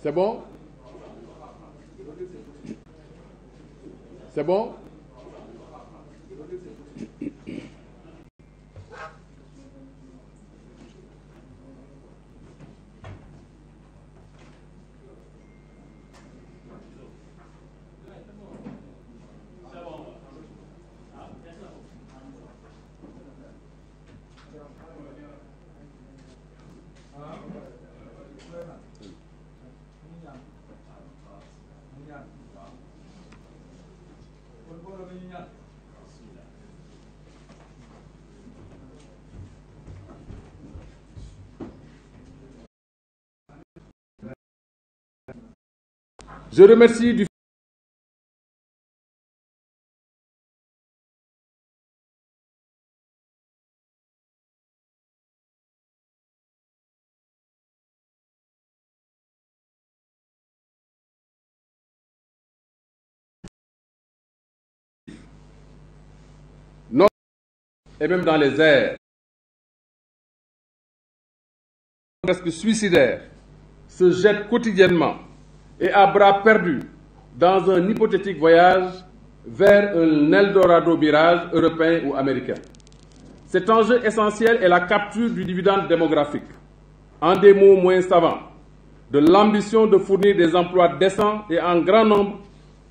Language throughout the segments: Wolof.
C'est bon C'est bon Je remercie du et même dans les airs, presque suicidaires, se jettent quotidiennement et à bras perdus dans un hypothétique voyage vers un Eldorado mirage européen ou américain. Cet enjeu essentiel est la capture du dividende démographique, en des mots moins savants, de l'ambition de fournir des emplois décents et en grand nombre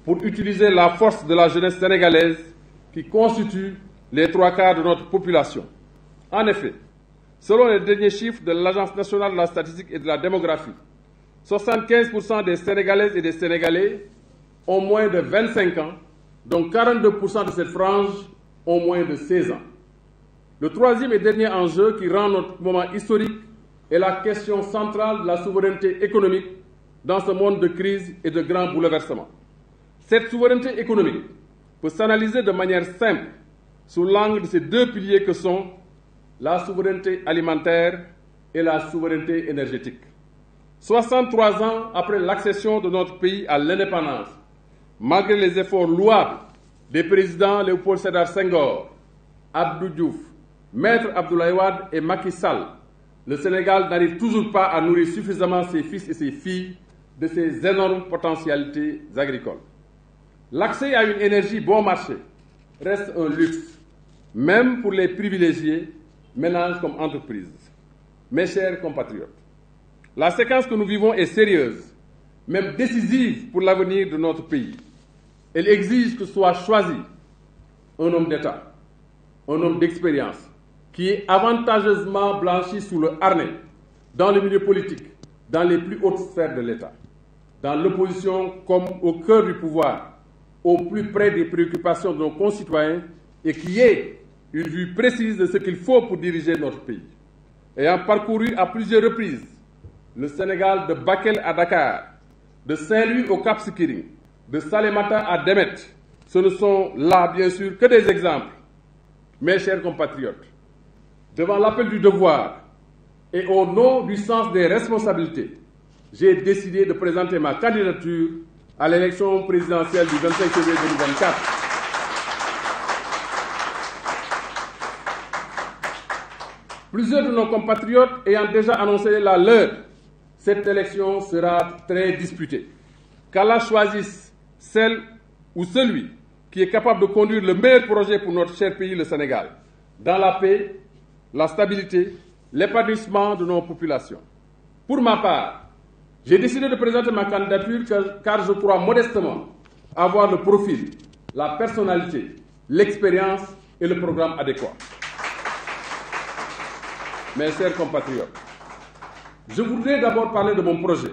pour utiliser la force de la jeunesse sénégalaise qui constitue les trois quarts de notre population. En effet, selon les derniers chiffres de l'Agence nationale de la statistique et de la démographie, 75 pour cent des Sénégalaises et des Sénégalais ont moins de 25 ans, dont 42 pour cent de cette frange ont moins de 16 Le troisième dernier enjeu qui rend notre moment est la question centrale la souveraineté économique dans ce de crise et de grands bouleversements. Cette souveraineté économique peut s'analyser de manière simple sous l'angle de ces deux piliers que sont la souveraineté alimentaire et la souveraineté énergétique. 63 ans après l'accession de notre pays à l'indépendance, malgré les efforts louables des présidents Léopold Sédar Senghor, Abdou Diouf, Maître Abdoulaye Wade et Macky Sall, le Sénégal n'arrive toujours pas à nourrir suffisamment ses fils et ses filles de ces énormes potentialités agricoles. L'accès à une énergie bon marché reste un luxe, même pour les privilégiés, ménages comme entreprise Mes chers compatriotes, La séquence que nous vivons est sérieuse, même décisive pour l'avenir de notre pays. Elle exige que soit choisi un homme d'État, un homme d'expérience, qui est avantageusement blanchi sous le harnais dans le milieu politique, dans les plus hautes sphères de l'État, dans l'opposition comme au cœur du pouvoir, au plus près des préoccupations de nos concitoyens et qui ait une vue précise de ce qu'il faut pour diriger notre pays. Ayant parcouru à plusieurs le Sénégal de Bakel à Dakar, de Saint-Louis au Cap Skirring, de Salémata à Demet. Ce ne sont là, bien sûr, que des exemples. Mes et au nom des responsabilités, de présenter ma candidature à l'élection présidentielle du 25 février 2024. la leur cette élection sera très disputée. Qu'Allah choisisse celle ou celui qui est capable de conduire le meilleur projet pour notre cher pays, le Sénégal, dans la paix, la stabilité, l'épanouissement de nos populations. Pour ma part, j'ai décidé de présenter ma candidature car je crois modestement avoir le profil, la personnalité, l'expérience et le programme adéquat. Mes chers compatriotes, Je voudrais d'abord parler de mon projet,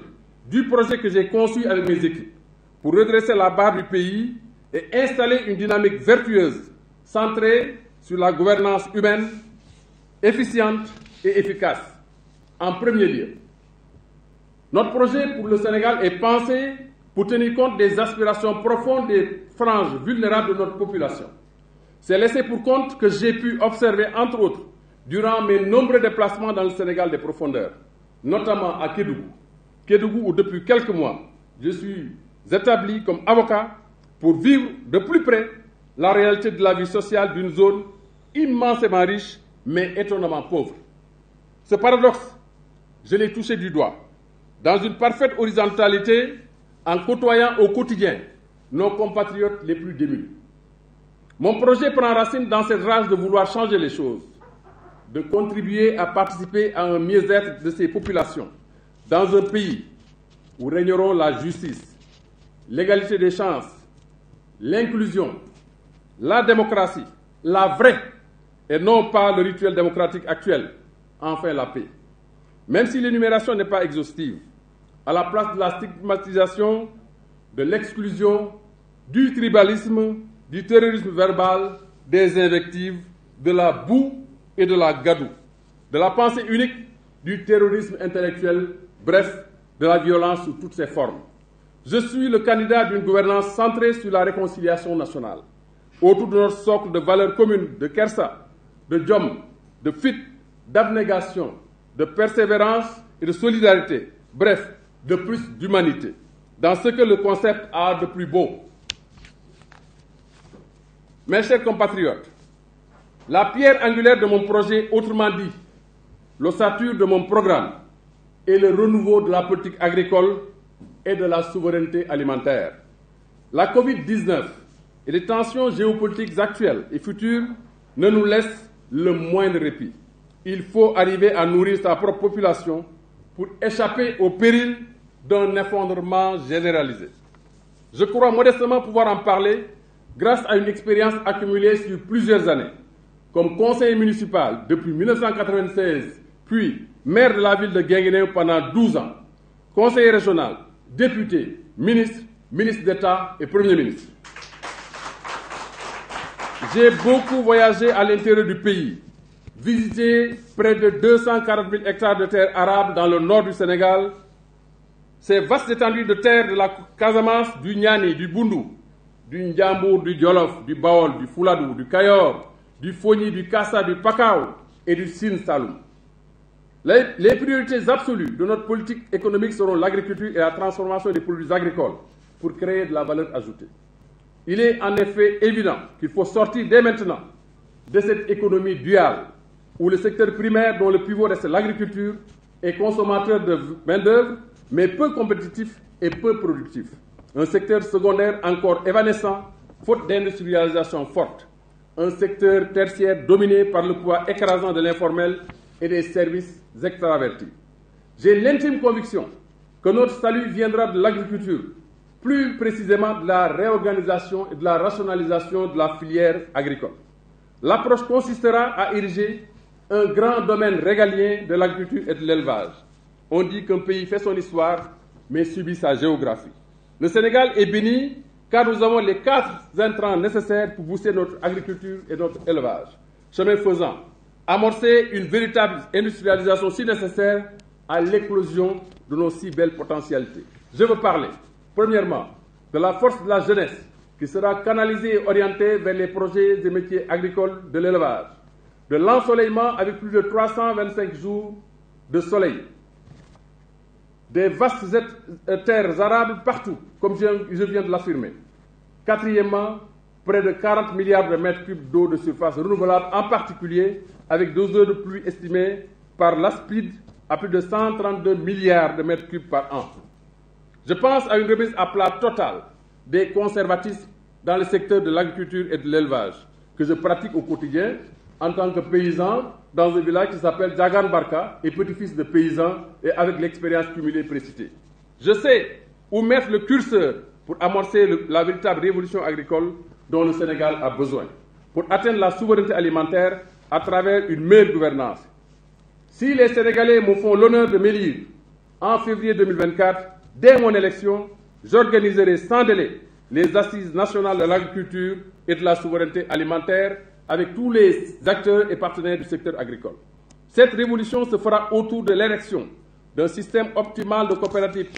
du projet que j'ai conçu avec mes équipes pour redresser la barre du pays et installer une dynamique vertueuse centrée sur la gouvernance humaine, efficiente et efficace. En premier lieu, notre projet pour le Sénégal est pensé pour tenir compte des aspirations profondes des franges vulnérables de notre population. C'est laissé pour compte que j'ai pu observer, entre autres, durant mes nombreux déplacements dans le notamment à Kédougou. Kédougou où depuis quelques mois, je suis établi comme avocat pour vivre de plus près la réalité de la vie sociale d'une zone immensément riche mais étonnamment pauvre. Ce paradoxe, je l'ai touché du doigt, dans une parfaite horizontalité en côtoyant au quotidien nos compatriotes les plus démunis. Mon projet prend racine dans cette rage de vouloir changer les choses de contribuer à participer à un mieux-être de ces populations dans un pays où régneront la justice, l'égalité des chances, l'inclusion, la démocratie, la vraie, et non pas le rituel démocratique actuel, enfin la paix. Même si l'énumération n'est pas exhaustive, à la place de la stigmatisation, de l'exclusion, du tribalisme, du terrorisme verbal, des invectives, de la boue et de la gadoue, de la pensée unique, du terrorisme intellectuel, bref, de la violence sous toutes ses formes. Je suis le candidat d'une gouvernance centrée sur la réconciliation nationale, autour de notre socle de valeurs communes, de Kersa, de Djom, de fit, d'abnégation, de persévérance et de solidarité, bref, de plus d'humanité, dans ce que le concept a de plus beau. Mes chers compatriotes, La pierre angulaire de mon projet, autrement dit, l'ossature de mon programme, est le renouveau de la agricole et de la souveraineté alimentaire. La COVID-19 et les tensions géopolitiques actuelles et futures ne nous laissent le moindre Il faut arriver à nourrir sa population pour échapper au péril d'un effondrement généralisé. Je crois modestement pouvoir en parler grâce à une expérience accumulée sur plusieurs années. comme conseiller municipal depuis 1996, puis maire de la ville de Guinguinéo pendant 12 ans, conseiller régional, député, ministre, ministre d'État et Premier ministre. J'ai beaucoup voyagé à l'intérieur du pays, visité près de 240 000 hectares de terres arables dans le nord du Sénégal, ces vastes étendues de terre de la Casamance, du Niani, du Boundou, du Ndiambour, du Djolof, du Baol, du Fouladou, du Kayor, du Fogny, du Kassa, du Pakao et du Sine Saloum. Les, les priorités absolues de notre politique économique seront l'agriculture et la transformation des produits agricoles pour créer de la valeur ajoutée. Il est en effet évident qu'il faut sortir dès maintenant de cette économie duale où le secteur primaire, dont le pivot reste l'agriculture, est consommateur de main-d'œuvre, mais peu compétitif et peu productif. Un secteur secondaire encore évanescent, faute d'industrialisation forte. un secteur tertiaire dominé par le poids écrasant de l'informel et des services extravertis. J'ai l'intime conviction que notre salut viendra de l'agriculture, plus précisément de la réorganisation et de la rationalisation de la filière agricole. L'approche consistera à ériger un grand domaine régalien de l'agriculture et de l'élevage. On dit qu'un pays fait son histoire, mais subit sa géographie. Le Sénégal est béni car nous avons les quatre intrants nécessaires pour booster notre agriculture et notre élevage. une véritable industrialisation si à l'éclosion de nos si belles potentialités. Je veux parler, la force de la jeunesse qui sera canalisée et orientée vers les projets des métiers agricoles de l'élevage, de l'ensoleillement avec de 325 jours de soleil, des vastes terres arables comme je viens de l'affirmer, Quatrièmement, près de 40 milliards de mètres cubes d'eau de surface renouvelable, en particulier avec deux heures de pluie estimées par l'ASPID à plus de 132 milliards de mètres cubes par an. Je pense à une remise à plat totale des conservatismes dans le secteur de l'agriculture et de l'élevage que je pratique au quotidien en tant que paysan dans un village qui s'appelle Jagan Barka et petit-fils de paysan et avec l'expérience cumulée précitée. Je sais où mettre le pour amorcer le, la véritable révolution agricole dont le pour atteindre la souveraineté alimentaire à travers une meilleure gouvernance. Si les Sénégalais me font l'honneur de m'élire en février 2024, dès mon élection, j'organiserai sans délai les assises nationales de l'agriculture et de la alimentaire avec tous les acteurs et partenaires du agricole. Cette révolution se fera autour de l'érection d'un système optimal de coopératives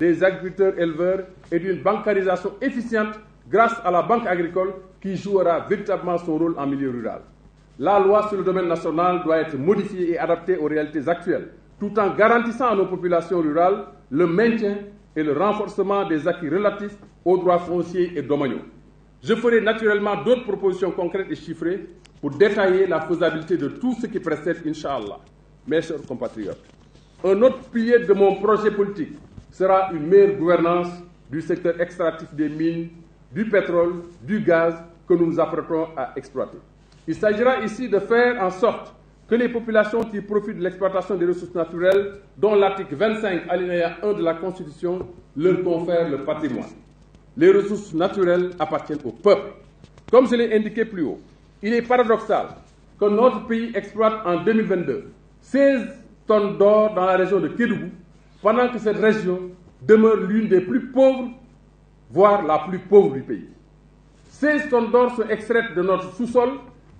des agriculteurs éleveurs et d'une bancarisation efficiente grâce à la banque agricole qui jouera véritablement son rôle en milieu rural. La loi sur le domaine national doit être modifiée et adaptée aux réalités actuelles, tout en garantissant à nos populations rurales le maintien et le renforcement des acquis relatifs aux droits fonciers et domaniaux. Je ferai naturellement d'autres propositions concrètes et chiffrées pour détailler la faisabilité de tout ce qui précède, Inch'Allah. projet politique sera une meilleure gouvernance du secteur extractif des mines, du pétrole, du gaz que nous nous à exploiter. Il s'agira de faire en sorte que les populations qui profitent de l'exploitation des ressources naturelles, dont l'article 25 alinéa 1 la Constitution leur confère le patrimoine. Les ressources Comme je l'ai indiqué plus haut, il est en 2022 16 tonnes d'or dans la région de pendant que cette région demeure l'une des plus pauvres, voire la plus pauvre du pays. 16 tonnes d'or sont extraites de notre sous-sol,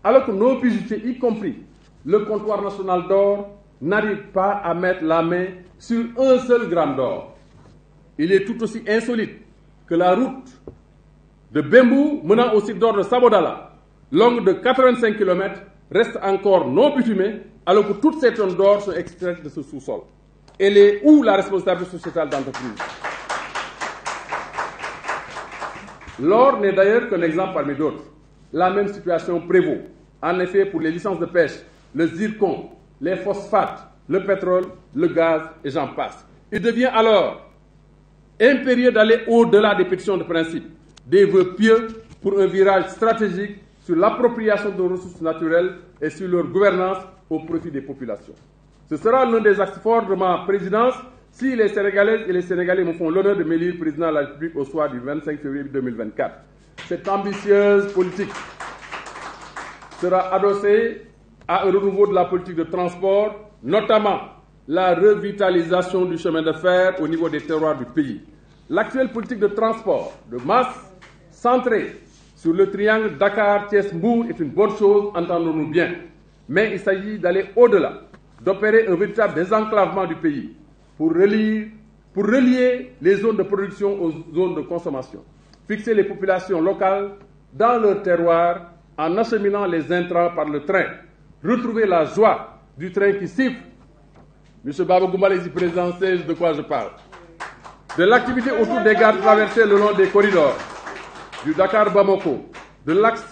alors que nos budgets, y compris le comptoir national d'or, n'arrivent pas à mettre la main sur un seul gramme d'or. Il est tout aussi insolite que la route de Bembou menant au site d'or de Sabodala, longue de 85 km, reste encore non bitumée, alors que toutes ces tonnes d'or sont extraites de ce sous-sol. elle est où la responsabilité sociétale d'entreprise L'or n'est d'ailleurs qu'un exemple parmi d'autres. La même situation prévaut. En effet, pour les licences de pêche, le zircon, les phosphates, le pétrole, le gaz et j'en passe. Il devient alors impérieux d'aller au-delà des pétitions de principe, des vœux pieux pour un virage stratégique sur l'appropriation de ressources naturelles et sur leur gouvernance au profit des populations. Ce sera l'un des axes si les Sénégalaises les Sénégalais me font l'honneur de m'élire président de la République au soir du 25 février 2024. Cette ambitieuse à un la politique de transport, notamment la revitalisation du chemin de fer au niveau des terroirs du pays. L'actuelle politique de transport de masse centrée sur le triangle Dakar-Thiès-Mbour est une bonne bien. Mais il s'agit d'aller au-delà d'opérer un véritable désenclavement du pays pour relier, pour relier les zones de production aux zones de consommation, fixer les populations locales dans leur terroir en acheminant les intrants par le train, retrouver la joie du train qui siffle. Monsieur Baba Goumbal président, sait de quoi je parle. De l'activité autour des gares traversées le long des corridors, du Dakar-Bamako, de l'axe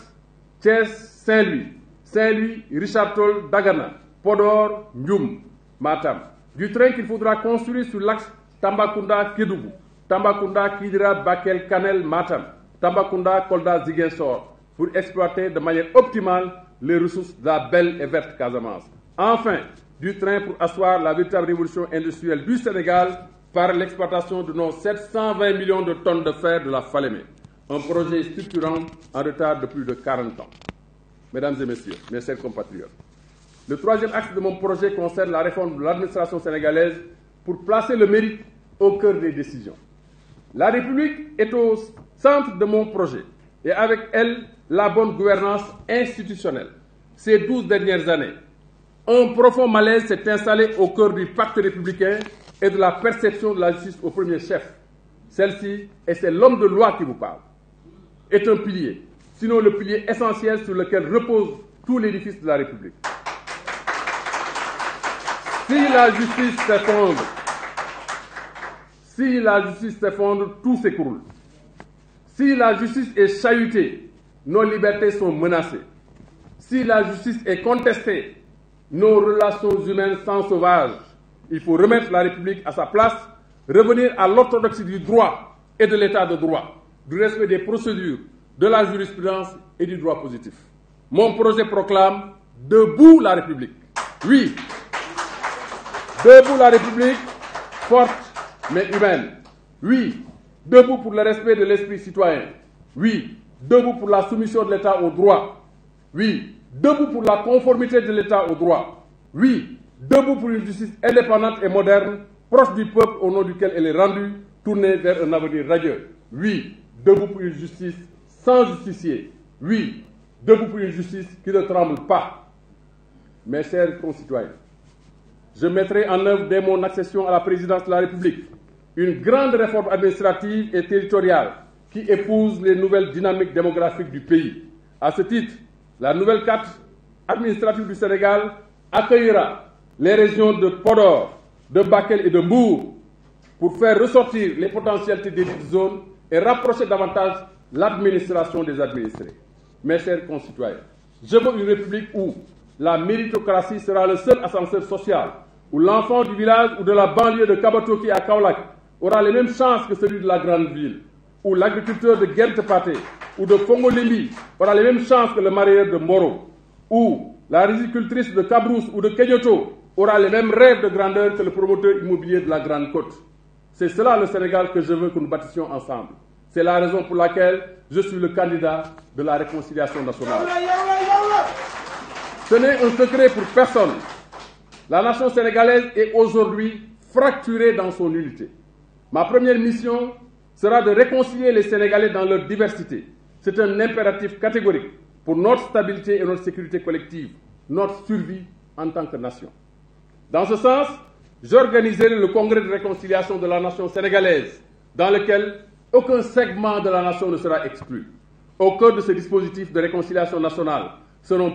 Thiès-Saint-Louis, Saint-Louis-Richard-Toll-Dagana, Podor, Ndioum, Matam. Du train qu'il faudra construire sur l'axe Tambacounda-Kédougou, Tambacounda-Kidira-Bakel-Kanel-Matam, Tambacounda-Kolda-Ziguinchor, pour exploiter de manière optimale les ressources de la belle et verte Casamance. Enfin, du train pour asseoir la véritable révolution industrielle du Sénégal par l'exploitation de nos 720 millions de tonnes de fer de la Falémé, un projet structurant en retard de plus de 40 ans. Mesdames et messieurs, mes chers Le troisième axe de mon projet concerne la réforme de l'administration sénégalaise pour placer le mérite au cœur des décisions. La République est au centre de mon projet et avec elle la bonne gouvernance institutionnelle. Ces douze dernières années, un profond malaise s'est installé au cœur du pacte républicain et de la perception de la justice au premier chef. Celle-ci, et c'est l'homme de loi qui vous parle, est un pilier, sinon le pilier essentiel sur lequel repose tout l'édifice de Si la justice s'effondre, la justice s'effondre, tout s'écroule. Si la justice est chahutée, nos libertés sont menacées. Si la justice est contestée, nos relations humaines sont sauvages. Il faut remettre la République à sa place, revenir à l'orthodoxie du droit et de l'état de droit, du respect des procédures, de la jurisprudence et du droit positif. Mon projet proclame Debout la République. Oui, Debout la République, forte mais humaine. Oui, debout pour le respect de l'esprit citoyen. Oui, debout pour la soumission de l'État au droit. Oui, debout pour la conformité de l'État au droit. Oui, debout pour une justice indépendante et moderne, proche du peuple au nom duquel elle est rendue, tournée vers un avenir radieux. Oui, debout pour une justice sans justicier. Oui, debout pour une justice qui ne tremble pas. mais chers concitoyens, je mettrai en œuvre dès mon accession à la présidence de la République une grande réforme administrative et territoriale qui épouse les nouvelles dynamiques démographiques du pays. À ce titre, la nouvelle carte administrative du Sénégal accueillera les régions de Podor, de Bakel et de Mbour pour faire ressortir les potentialités des zones et rapprocher davantage l'administration des administrés. Mes chers concitoyens, je veux une république où la méritocratie sera le seul social où l'enfant du village ou de la banlieue de Kabatoki à Kaolack aura les mêmes chances que celui de la grande ville, où l'agriculteur de gent ou de Fongolembi aura les mêmes chances que le maraîcher de Moro, où la rizicultrice de Cabrousse ou de Keyoto aura les mêmes rêves de grandeur que le promoteur immobilier de la Grande Côte. C'est cela le Sénégal que je veux que nous bâtissions ensemble. C'est la raison pour laquelle je suis le candidat de la réconciliation nationale. Ce La nation sénégalaise est aujourd'hui fracturée dans son unité. Ma première mission sera de réconcilier les Sénégalais dans leur diversité. C'est un impératif catégorique pour notre stabilité et notre sécurité collective, notre survie en tant que nation. Dans ce sens, j'organiserai le congrès de réconciliation de la nation sénégalaise, dans lequel aucun segment de la nation ne sera exclu. Au cœur de ce dispositif de réconciliation nationale seront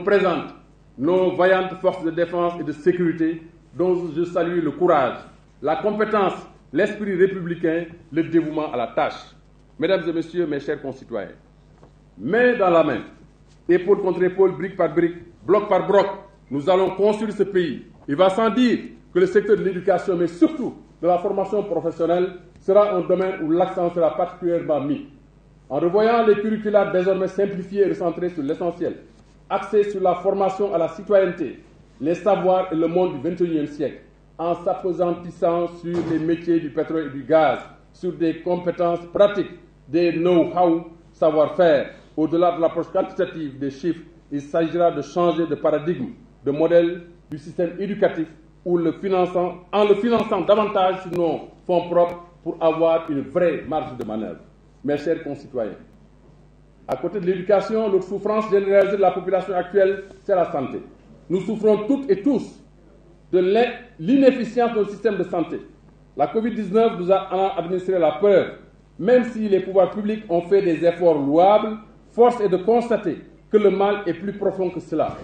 nos vaillantes forces de défense et de sécurité dont je salue le courage, la compétence, l'esprit républicain, le dévouement à la tâche. Mesdames et messieurs, mes chers concitoyens, main dans la main, épaule contre épaule, brique par brique, bloc par bloc, nous allons construire ce pays. Il va sans dire que le secteur de l'éducation, mais surtout de la formation professionnelle, sera un domaine où l'accent sera particulièrement mis. En revoyant les curricula axée sur la formation à la citoyenneté, les savoirs et le monde du XXIe en s'apesantissant sur les métiers du pétrole et du gaz, sur des compétences pratiques, des know-how, savoir-faire. Au-delà de l'approche quantitative des chiffres, il s'agira de changer de paradigme, de modèle du système éducatif où le finançant, en le finançant davantage sur nos fonds propres pour avoir une vraie marge de manœuvre. Mes chers concitoyens, À côté de l'éducation, l'autre souffrance de la population actuelle, c'est la santé. Nous souffrons toutes et tous de l'inefficience de notre de santé. La COVID-19 nous a administré la peur. Même si les pouvoirs publics ont fait des efforts louables, force de constater que le plus profond que cela.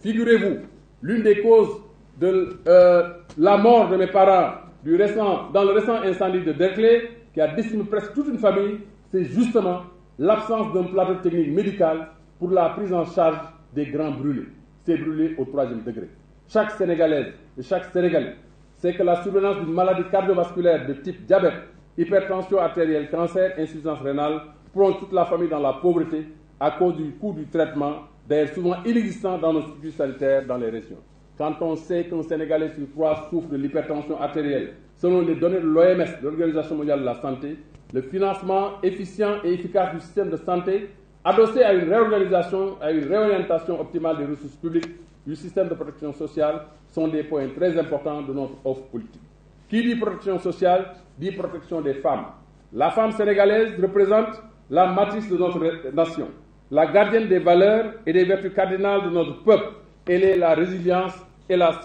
Figurez-vous, des causes de euh, la mort de mes parents du récent, dans le récent incendie de Berkeley, qui a décimé presque toute une famille, l'absence d'un plateau technique médical pour la prise en charge des grands brûlés, c'est brûlés au troisième degré. Chaque Sénégalaise et chaque Sénégalais sait que la survenance d'une maladie cardiovasculaire de type diabète, hypertension artérielle, cancer, insuffisance rénale plonge toute la famille dans la pauvreté à cause du coût du traitement, d'ailleurs souvent inexistant dans nos structures sanitaires dans les régions. Quand on sait qu'un Sénégalais sur trois souffre de l'hypertension la santé, le financement efficient et efficace du système de santé, adossé à une réorganisation, à une réorientation optimale des ressources publiques du système de protection sociale, sont des points très importants de notre offre politique. Qui dit protection sociale dit protection des femmes. La femme sénégalaise représente la matrice de notre nation, la gardienne des valeurs et des vertus cardinales de notre peuple. Elle est la résilience et la,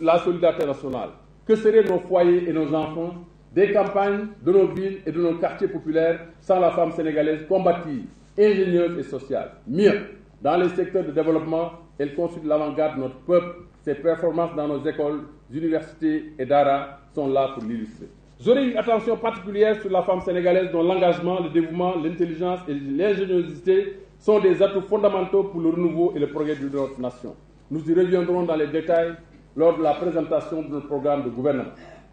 la solidarité nationale. Que seraient nos des campagnes de nos villes et de nos quartiers populaires sans la femme sénégalaise combative, ingénieuse et sociale. Mieux, dans le secteur de développement, elle constitue l'avant-garde de notre peuple. Ses performances dans nos écoles, universités et dara sont là pour l'illustrer. J'aurai une attention particulière sur la femme sénégalaise dont l'engagement, le dévouement, l'intelligence et l'ingéniosité sont des atouts fondamentaux pour le renouveau et le progrès nation. Nous y la présentation de notre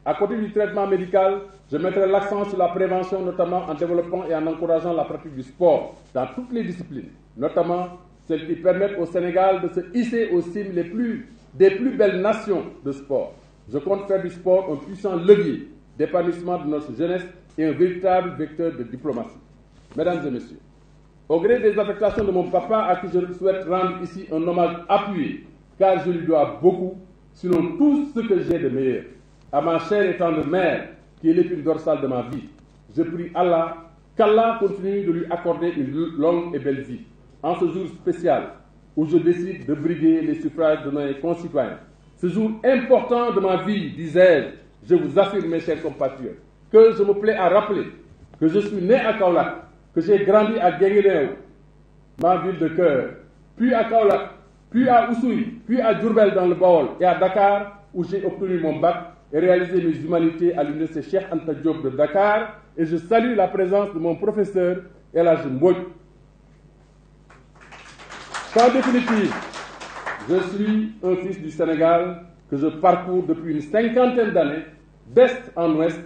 À côté du traitement médical, je mettrai l'accent sur la prévention, notamment en développant et en encourageant la pratique du sport dans toutes les disciplines, notamment celles qui permettent au Sénégal de se hisser aux cimes les plus, des plus belles nations de sport. Je compte faire du sport un puissant levier d'épanouissement de notre jeunesse et un véritable vecteur de diplomatie. Mesdames et messieurs, au gré des affectations de mon papa, à qui je souhaite que j'ai de meilleur. à ma chère et tendre mère, qui est l'épine dorsale de ma vie. Je prie Allah qu'Allah continue de lui accorder une longue et belle vie. En ce jour spécial où je décide de briguer les suffrages de mes concitoyens, ce jour important de ma vie, disais-je, je vous affirme, mes chers compatriotes, que je me plais à rappeler que je suis né à Kaolack, que j'ai grandi à Guinguinéo, ma ville de cœur, puis à Kaolack, puis à Oussouye, puis à Diourbel dans le Baol et à Dakar et réalisé mes humanités à l'université Cheikh Anta Diop de Dakar et je salue la présence de mon professeur El Hadj Mbodj. En définitive, je suis un fils du Sénégal que je parcours depuis une cinquantaine d'années d'est en ouest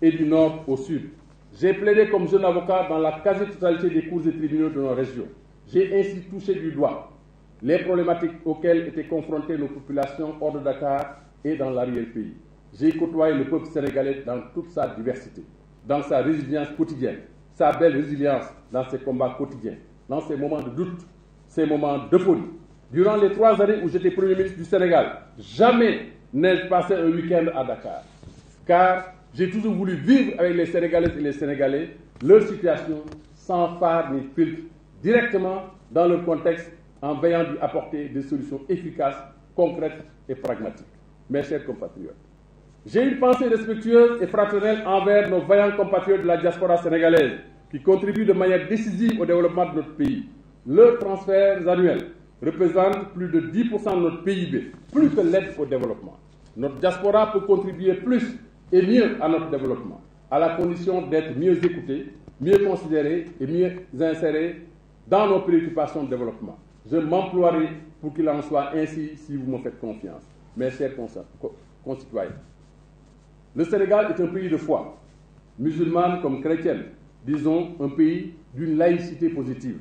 et du nord au sud. J'ai plaidé comme jeune avocat dans la quasi-totalité des cours et tribunaux de nos régions. J'ai ainsi touché du doigt les problématiques auxquelles étaient confrontées nos populations hors de Dakar et dans J'ai côtoyé le peuple sénégalais dans toute sa diversité, dans sa résilience quotidienne, sa belle résilience dans ses combats quotidiens, dans ses moments de doute, ses moments de folie. Durant les trois années où j'étais Premier ministre du Sénégal, jamais n'ai-je passé un week-end à Dakar, car j'ai toujours voulu vivre avec les Sénégalaises et les Sénégalais leur situation sans phare ni filtre, directement dans le contexte en veillant d'y apporter des solutions efficaces, J'ai une pensée respectueuse et fraternelle envers nos vaillants compatriotes de la diaspora sénégalaise qui contribuent de manière décisive au développement de notre pays. Leurs transferts annuels représentent plus de 10% de notre PIB, plus que l'aide au développement. Notre diaspora peut contribuer plus et mieux à notre développement, à la condition d'être mieux écoutée, mieux considérée et mieux insérée dans nos préoccupations de développement. Je m'emploierai Le Sénégal est un pays de foi, musulmane comme chrétienne, disons un pays d'une laïcité positive.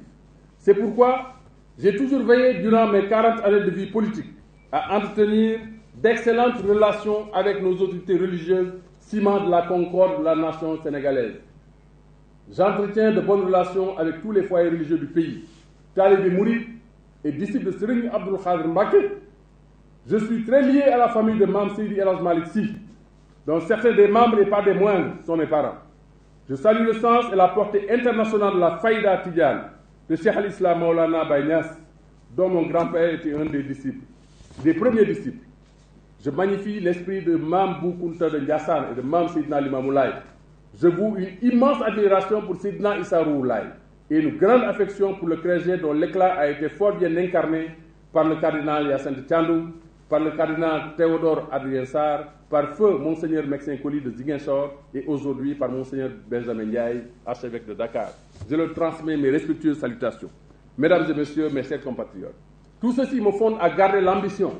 C'est pourquoi j'ai toujours veillé durant mes 40 années de vie politique à entretenir d'excellentes relations avec nos autorités religieuses, ciment de la concorde de la nation sénégalaise. J'entretiens de bonnes relations avec tous les foyers religieux du pays, talibés Mouri et disciples de Serigne Abdul Khadir Mbake. Je suis très lié à la famille de Mamsidi El donc certains des membres et pas des moindres sont mes parents. Je salue le sens et la portée internationale de la Faïda Tidiane de Cheikh al-Islam Maulana Baynas, dont mon grand-père était un des disciples, des premiers disciples. Je magnifie l'esprit de Mam Boukounta de Ndiassan et de Mam Sidna Limamoulaye. Je voue une immense admiration pour Sidna Issa Roulaye et une grande affection pour le clergé dont l'éclat a été fort bien incarné par le cardinal Yassine par le cardinal Théodore Adrien Sarr, par feu Monseigneur Maxime Colli de Ziguinchor et aujourd'hui par Monseigneur Benjamin Ndiaye, archevêque de Dakar. Je leur transmets mes respectueuses salutations. Mesdames et messieurs, mes chers compatriotes, tout ceci me fonde à garder l'ambition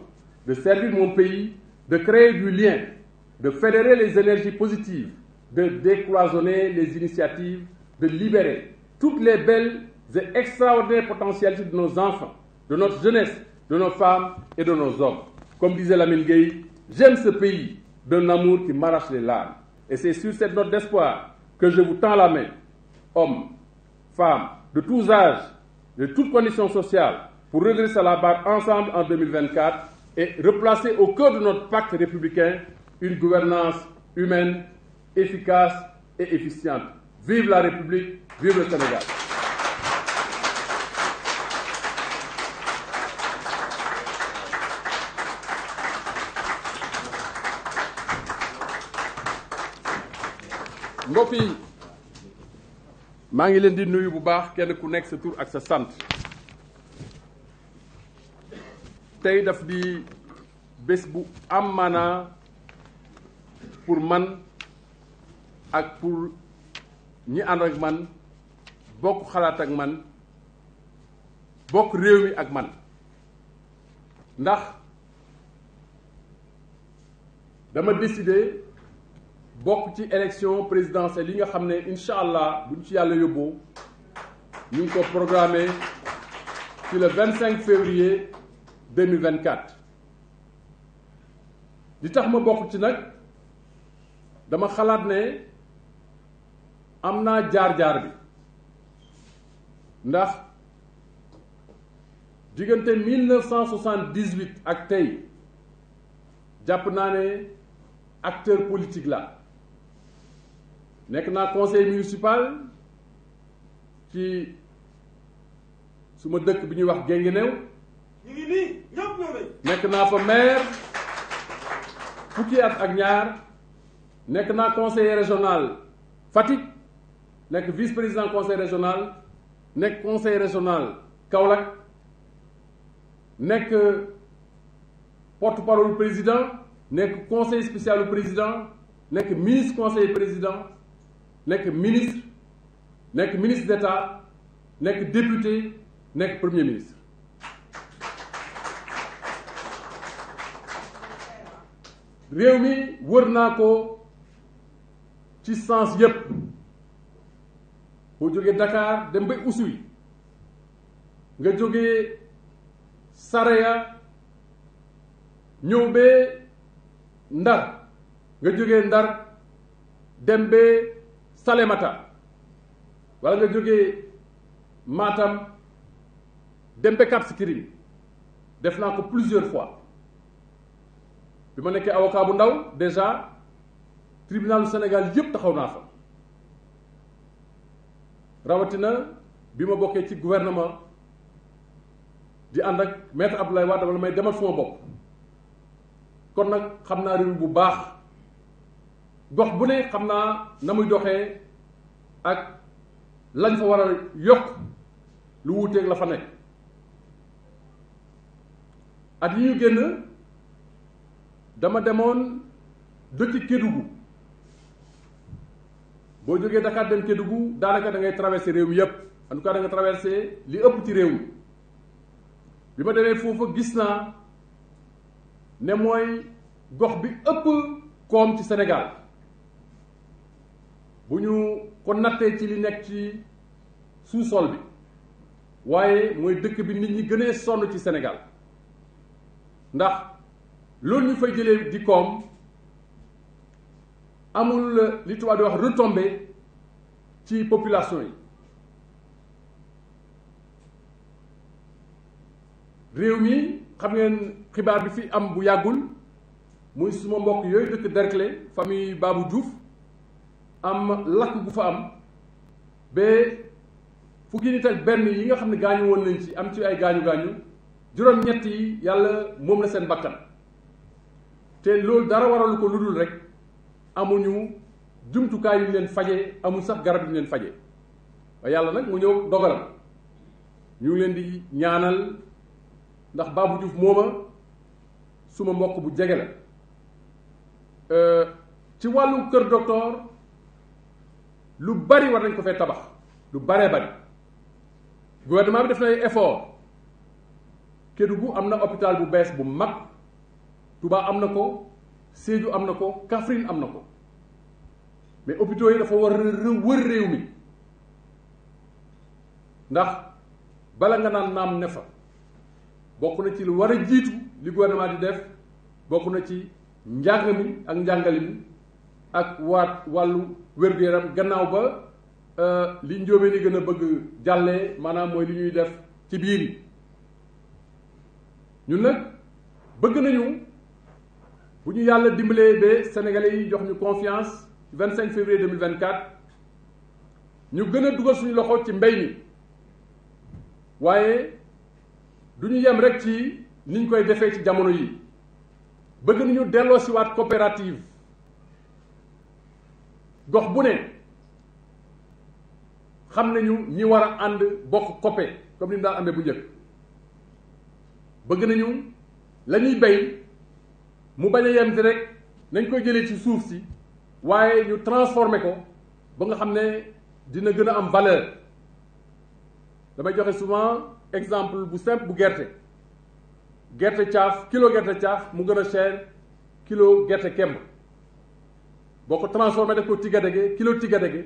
de servir mon pays, de créer du lien, de fédérer les énergies positives, de décloisonner les initiatives, de libérer toutes les belles et extraordinaires potentialités de nos enfants, de Comme disait Lamine Gueye, j'aime ce pays d'un amour qui m'arrache les larmes. Et c'est sur cette note d'espoir que je vous tends la main, hommes, femmes, de tous âges, de toutes conditions sociales, pour redresser la barre ensemble en 2024 et replacer au cœur de notre pacte républicain une gouvernance humaine, efficace et efficiente. Vive la République, vive le Sénégal. mbokk yi maa ngi leen di nuyu bu baax kenn ku nekk sa tur ak sa sant tey daf di bés bu am maanaa pour man ak pour ñi ànd ak man bokk xalaat ak man bokk réew mi ak man ndax dama décidé bokk ci élection présidentielle li nga xam ne incha allah buñ ci yàlla yóbboo ñu ngi ko programmé ci le 25 février 2024 li tax ma bokk ci nag dama xalaat ne am naa jaar-jaar bi ndax diggante 1978 ak tey jàpp naa ne acteur politique la nekk naa conseil municipal ci suma dëkk bi ñuy wax Guinguinéo ñu ngi nii ñëpp nekk naa fa maire fukki at ak ñaar nekk naa conseiller régional Fatick nekk vice président conseil régional nekk conseil régional Kaolack nekk porte parole président nekk conseil spécial président nekk ministre conseil président nekk ministre nekk ministre d'État nekk député nekk premier ministre réew mi wër naa ko ci sens yépp boo jógee Dakar dem ba Oussouye nga jógee Saraya ñëw ba Ndar nga jógee Ndar dem ba Salémata wala nga jógee Matam dem ba Cap Skirring def naa ko plusieurs fois bi ma nekkee avocat bu ndaw déjà tribunal du Sénégal yëpp taxaw naa fa rawatina bi ma bokkee ci gouvernement di ànd ak maître Abdoulaye Wade wala may demal suma bopp kon nag xam naa réew bu baax. gox bu ne xam naa na muy doxee ak lañ fa war a yokk lu wuuteeg la fa nekk at yi ñu génn dama demoon dëkk Kédougou boo jógee Dakar dem Kédougou daanaka da ngay traversé réew mi yépp en tout cas da nga traversé li ëpp ci réew mi bi ma demee foofa gis naa ne mooy gox bi ëpp koom ci Sénégal bu ñu ko nattee ci li nekk ci sous-sol bi waaye mooy dëkk bi nit ñi gënee sonn ci senegal ndax loolu ñu fay jëlee di koom amul li tubaab wax retombée ci population yi réew mi xam ngeen xibaar bi fi am bu yàggul muy suma mbokk yooyu dëkk Derklé famille Babou juuf am lakk gu fa am ba fu nit ak benn yi nga xam ne gaañu woon nañ ci am ci ay gaañu gaañu juróom-ñett yi yàlla moom la seen bakkan te loolu dara waralu ko lu dul rek amuñu jumtukaay yu leen faje amul sax garab yu leen faje waaye yàlla nag mu ñëw dogalam ñu leen di ñaanal ndax Babou Diouf mooma suma mbokk bu jege la euh, ci wàllu kër docteur lu bari war nañ ko fee tabax lu baree bari gouvernement bi def na ay effort Kédougou am na hôpital bu bees bu mag Touba am na ko Sédhiou am na ko Kaffrine am na ko mais hôpitaux yi dafa war a wër réew mi ndax bala nga naan naam ne fa bokk na ci lu war a jiitu li gouvernement di def bokk na ci njàng mi ak njàngale mi ak waat wàllu wér-gu-yaram gannaaw ba euh, li njóobeen yi gën a bëgg jàlle maanaam mooy li ñuy def ci biir yi ñun nag bëgg nañu bu ñu yàlla dimbalee ba sénégalais yi jox ñu confiance 25 février 2024 ñu gën a dugal suñu loxo ci mbay mi waaye du ñu yem rek ci niñ koy defee ci jamono yi bëgg nañu delloo siwaat coopérative gox bu ne xam nañu ñi war a ànd bokk koppe comme ni mu daan amee bu njëkk bëgg nañu la ñuy bay mu bañ a yem si rek nañ koy jëlee ci suuf si waaye ñu transformer ko ba nga xam ne dina gën a am valeur damay joxe souvent exemple bu simple bu gerte gerte caaf kilo gerte caaf mu gën a cher kilo gerte kemb boo ko transformé def ko tigadege kilo tigadege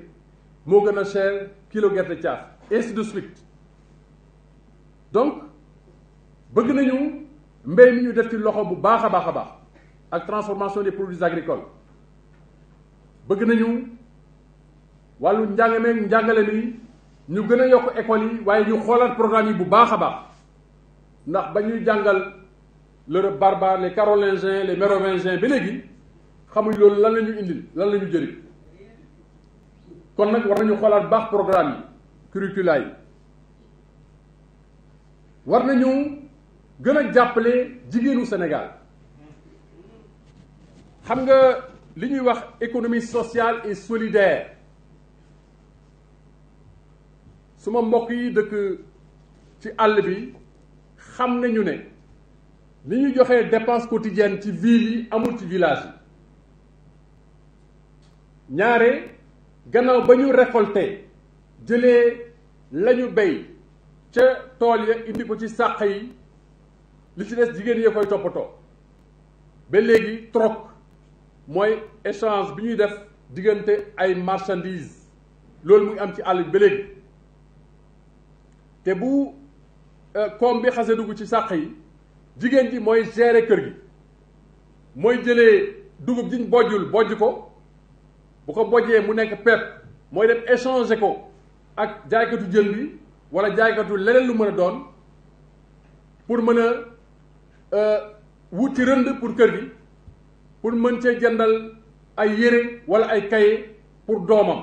moo gën a cher kilo gerte caaf ainsi de suite donc bëgg nañu mbéy mi ñu def ci loxo bu baax a baax a baax ak transformation des produits agricoles bëgg nañu wàllu njàngameeg njàngale mi ñu gën a yokk école yi waaye ñu xoolaat programme yi bu baax a baax ndax ba ñuy jàngal l'Europe barbare les carolingiens les mérovingiens ba léegi xamuñ loolu lan la ñu indil lan la ñu jëriñ kon nag war nañu xoolaat baax programme yi curricula yi war nañu gën a jàppale jigéenu senegal xam nga li ñuy wax économie sociale et solidaire suma mbokk yi dëkk ci àll bi xam nañu ne li ñu joxee dépense quotidienne ci ville yi amul ci village yi ñaare gannaaw ba ñu récolté jëlee lañu ñu béy ca tool ya indi ko ci sàq yi li ci des jigéen yi koy toppatoo ba léegi troc mooy échange bi ñuy def diggante ay marchandises loolu muy am ci àll bi ba léegi te bu euh, koom bi xase dugg ci sàq yi jigéen ji mooy gérer kër gi mooy jëlee dugub jiñ bojjul bojj ko bu ko bojjee mu nekk pepp mooy dem échanger ko ak jaaykatu jën bi wala jaaykatu leneen lu mën a doon pour mën a euh, wut ci rënd pour kër gi pour mën cee jëndal ay yére wala ay kaye pour doomam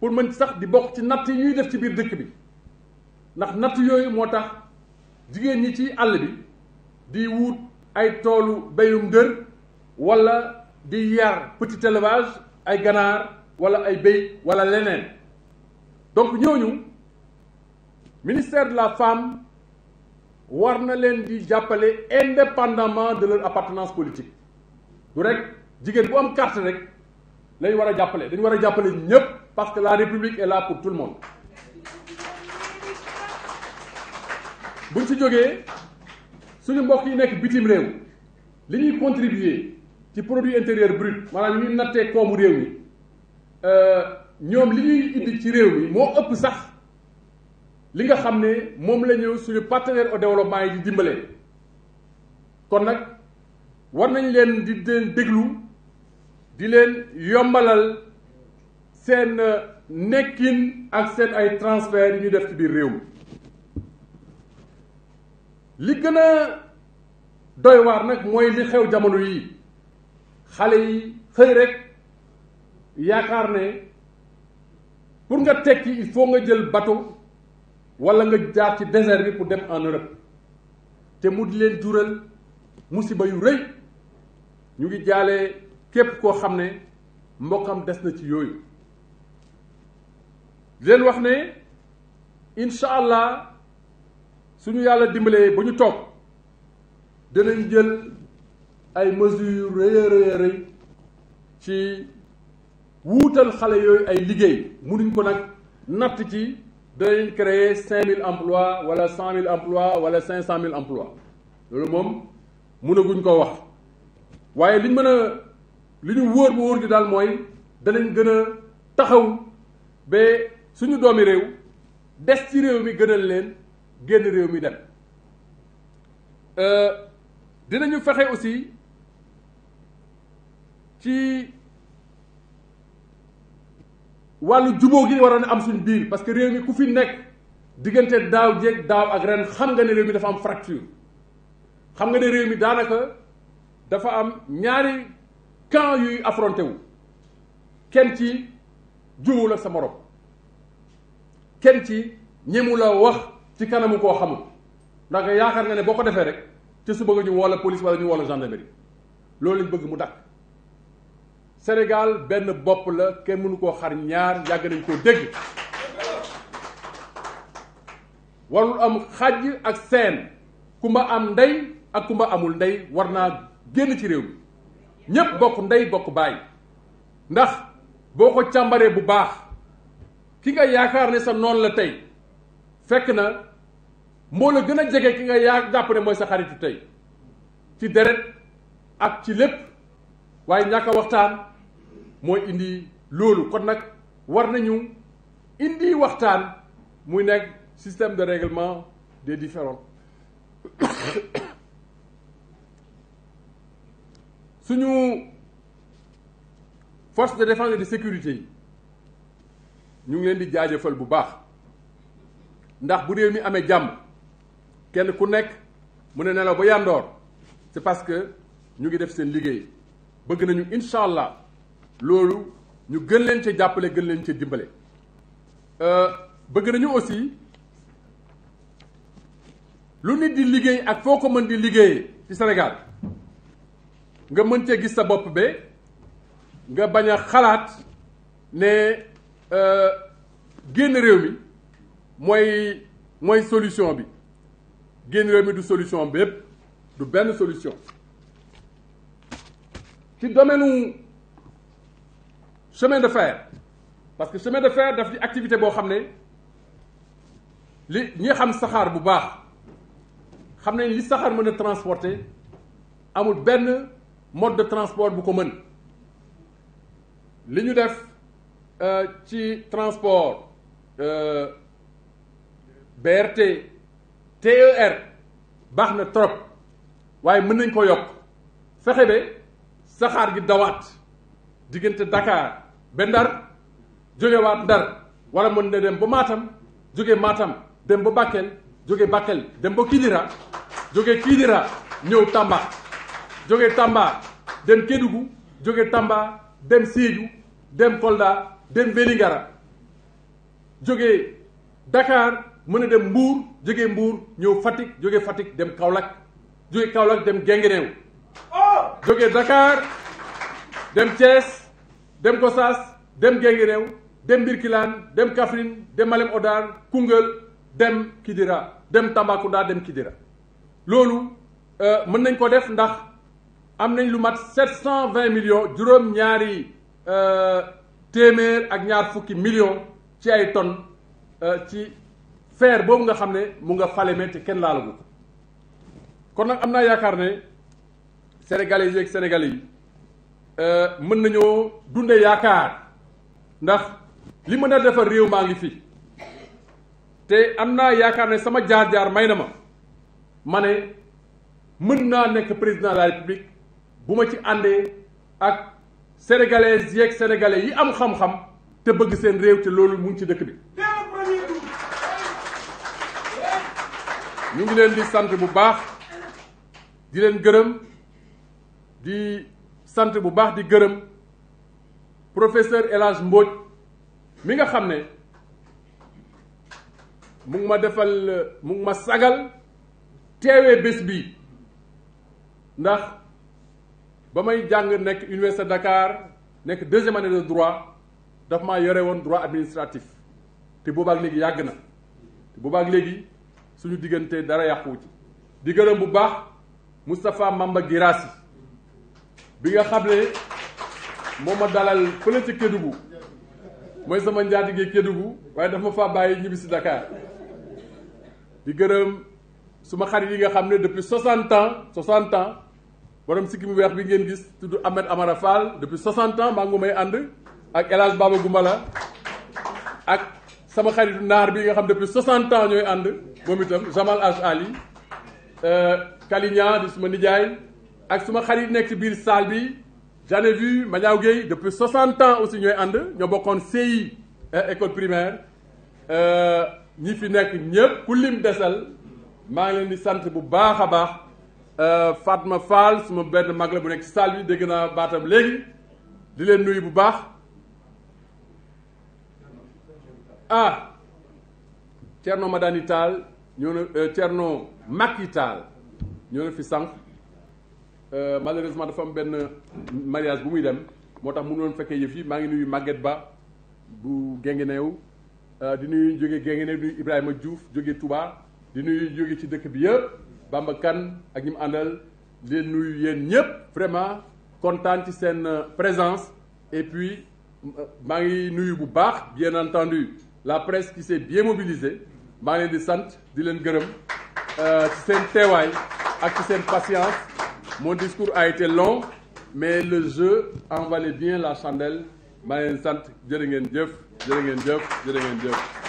pour mën sax di bokk ci natt yi ñuy def ci biir dëkk bi ndax natt yooyu moo tax jigéen ñi ci àll bi di wut ay toolu béyum dër wala di yar petit élevage ay ganaar wala ay béy wala leneen donc ñooñu ministère de la femme war na leen di jàppale indépendamment de leur appartenance politique du rek jigéen bu am carte rek lañ war a jàppale dañu war a jàppale ñépp parce que la république et là pour tout le monde buñ ci jógee suñu mbokk yi nekk bitim réew li ñuy contribuer ci produit intérieur brut maanaam ñuy nattee koomu réew mi euh, ñoom li ñuy indi ci réew mi moo ëpp sax li nga xam ne moom la ñëw suñu partenaire au développement yi di dimbalee kon nag war nañ leen di leen déglu di leen yombalal seen euh, nekkin ak seen ay transfert yu ñu def ci biir réew mi li gën a doy waar nag mooy li xew jamono yi xale yi xëy rek yaakaar ne pour nga tekki il faut nga jël bateau wala nga jaar ci désert bi pour dem en Europe te mu di leen jural musiba yu rëy ñu ngi jaalee képp koo xam ne mbokkam des na ci yooyu leen wax ne incha allah suñu yàlla dimbalee ba ñu toog danañ jël ay mesures rëy rëy rëy ci wuutal xale yooyu ay liggéey munuñ ko nag natt ci danañ créer cinq mille emplois wala cent mille emplois wala cinq cent mille emplois loolu moom mënaguñ ko wax waaye liñ mën a li ñu wóor bu wóor di daal mooy danañ gën a taxaw ba suñu doomi réew des ci réew mi gënal leen génn réew mi dem euh, dinañu fexe aussi ci wàllu jubóo gi war a am suñ biir parce que réew mi ku fi nekk diggante daaw jéeg daaw ak ren xam nga ne réew mi dafa am fracture xam nga ne réew mi daanaka dafa am ñaari camp yuy affronté wu kenn ci juwul ak sa morom kenn ci ñemu la wax ci kanamu koo xamul ndax yaakaar nga ne boo ko defee rek ci suba nga ñu woo la police wala ñu woo la gendarmerie loolu lañ bëgg mu dakk Sénégal benn bopp la kenn mënu koo xar ñaar yàgg nañ koo dégg warul am xàjj ak seen kumba am ndey ak kumba amul ndey war naa génn ci réew mi ñépp bokk ndey bokk baay ndax boo ko càmbaree bu baax ki nga yaakaar ne sa noon la tey fekk na moo la gën a jege ki nga yaa jàpp ne mooy sa xaritu tey ci deret ak ci lépp waaye ñàkk waxtaan mooy indi loolu kon nag war nañu indi waxtaan muy nekk système de règlement de différends suñu force de défense et de sécurité yi ñu ngi leen di jaajëfal bu baax ndax bu réew mi amee jàmm kenn ku nekk mu ne nelaw ba yàndoor c'est parce que ñu ngi def seen liggéey bëgg nañu incha allah loolu ñu gën leen ca jàppale gën leen ca dimbale euh, bëgg nañu aussi lu nit di liggéey ak foo ko mën di liggéeyee ci Sénégal nga mën cee gis sa bopp ba nga bañ a xalaat ne euh, génn réew mi mooy mooy solution bi génn réew mi du solution bépp du benn solution ci domaine chemin de fer parce que chemin de fer daf di activité boo xam ne li ñi xam saxaar bu baax xam ne li saxaar mën na transporté amul benn mode de transport bu ko mën li ñu def euh, ci transport euh, BRT TER baax na trop waaye mën nañ ko yokk fexe ba saxaar gi dawaat diggante Dakar ba ndar jógewaat ndar wala mën na dem ba Matam jóge Matam dem ba Bakel jóge Bakel dem ba Kidira jóge Kidira ñëw Tamba jóge Tamba dem Kédougou jóge Tamba dem Sédhiou dem Kolda dem Vélingara jóge Dakar mën a dem Mbour jóge mbuur ñëw Fatick jóge Fatick dem Kaolack jóge Kaolack dem Guinguinéo jóge Dakar dem Thiès dem ko Gossas dem Guinguinéo réew dem Birkilaan dem Kaffrine dem Malem Hodar Koungheul dem Kidira dem Tambacounda dem Kidira loolu euh, mën nañ ko def ndax am nañ lu mat sept vingt millions juróom ñaari euh, téeméer ak ñaar fukki millions ci ay tonnes euh, ci fer boobu nga xam ne mu nga Falémé te kenn laalagu ko kon nag am naa yaakaar ne sénégalais yi ak sénégalais yi Euh, mën nañoo dunde yaakaar ndax li mën a defar réew maa ngi fi te am naa yaakaar ne sama jaar-jaar may na ma ma ne mën naa nekk président de la république bu ma ci àndee ak sénégalais yeeg yi am xam-xam te bëgg seen réew te loolu mu ngi ci dëkk bi. ñu ngi leen di sant bu baax di leen gërëm di. sant bu baax di gërëm professeur El Hadj Mbodj mi nga xam ne mu ngi defal mu ngi ma sagal teewee bés bi ndax ba may jàng nekk université Dakar nekk deuxième année de droit daf ma yore woon droit administratif te boobaak léegi yàgg na te boobaak léegi suñu diggante dara yàquwu ci di gërëm bu baax Moustapha Mamba Guirassi bi nga xam ne moom ma dalal fële ca Kédougou mooy sama njaatige Kédougou waaye dafa ma faa bàyyi ñibbi si Dakar di gërëm suma xarit yi nga xam ne depuis soixante ans soixante ans borom sikki mu weex bi ngeen gis tudd Ahmed Amara Fall depuis soixante ans maa ngi may ànd ak El Hadj Baba Goumbala ak sama xaritu naar bi nga xam depuis soixante ans ñooy ànd moom itam Jamal H Ali euh, Kaliña di ma nijaay ak suma xarit nekk biir salle bi j'en ai vu Madiaw Gueye depuis 60 ans aussi ñooy ànd ñoo bokkoon CI école primaire euh, ñi fi nekk ñëpp ku lim desal maa ngi leen di sant bu baax a baax euh, Fatma Fall suma benn mag la bu nekk ci bi dégg naa baatam léegi di leen nuyu bu baax ah Thierno Madani Tall ñoo na euh, Thierno Macky Tall ñoo na fi sànq. Euh, malheureusement dafa am benn mariage bu muy dem moo tax mënu woon fekkee yëf yi maa ngi nuyu Maguette Ba bu Guinguinéo euh, di nuyu jóge Guinguinéo di nuyu Ibrahima Diouf jóge Touba di nuyu jóge ci dëkk bi yëpp Bamba kan ak ñi mu àndal leen nuyu yéen ñëpp vraiment kontaan ci seen euh, présence et puis maa ngi nuyu bu baax bien entendu la presse qui s'est bien mobilisée maa ngi leen di sant di leen gërëm ci seen teewaay ak ci seen patience Mon discours a été long, mais le jeu en valait bien la chandelle. Ma leen sant jërë ngeen jëf jërë ngeen jëf jërë ngeen jëf.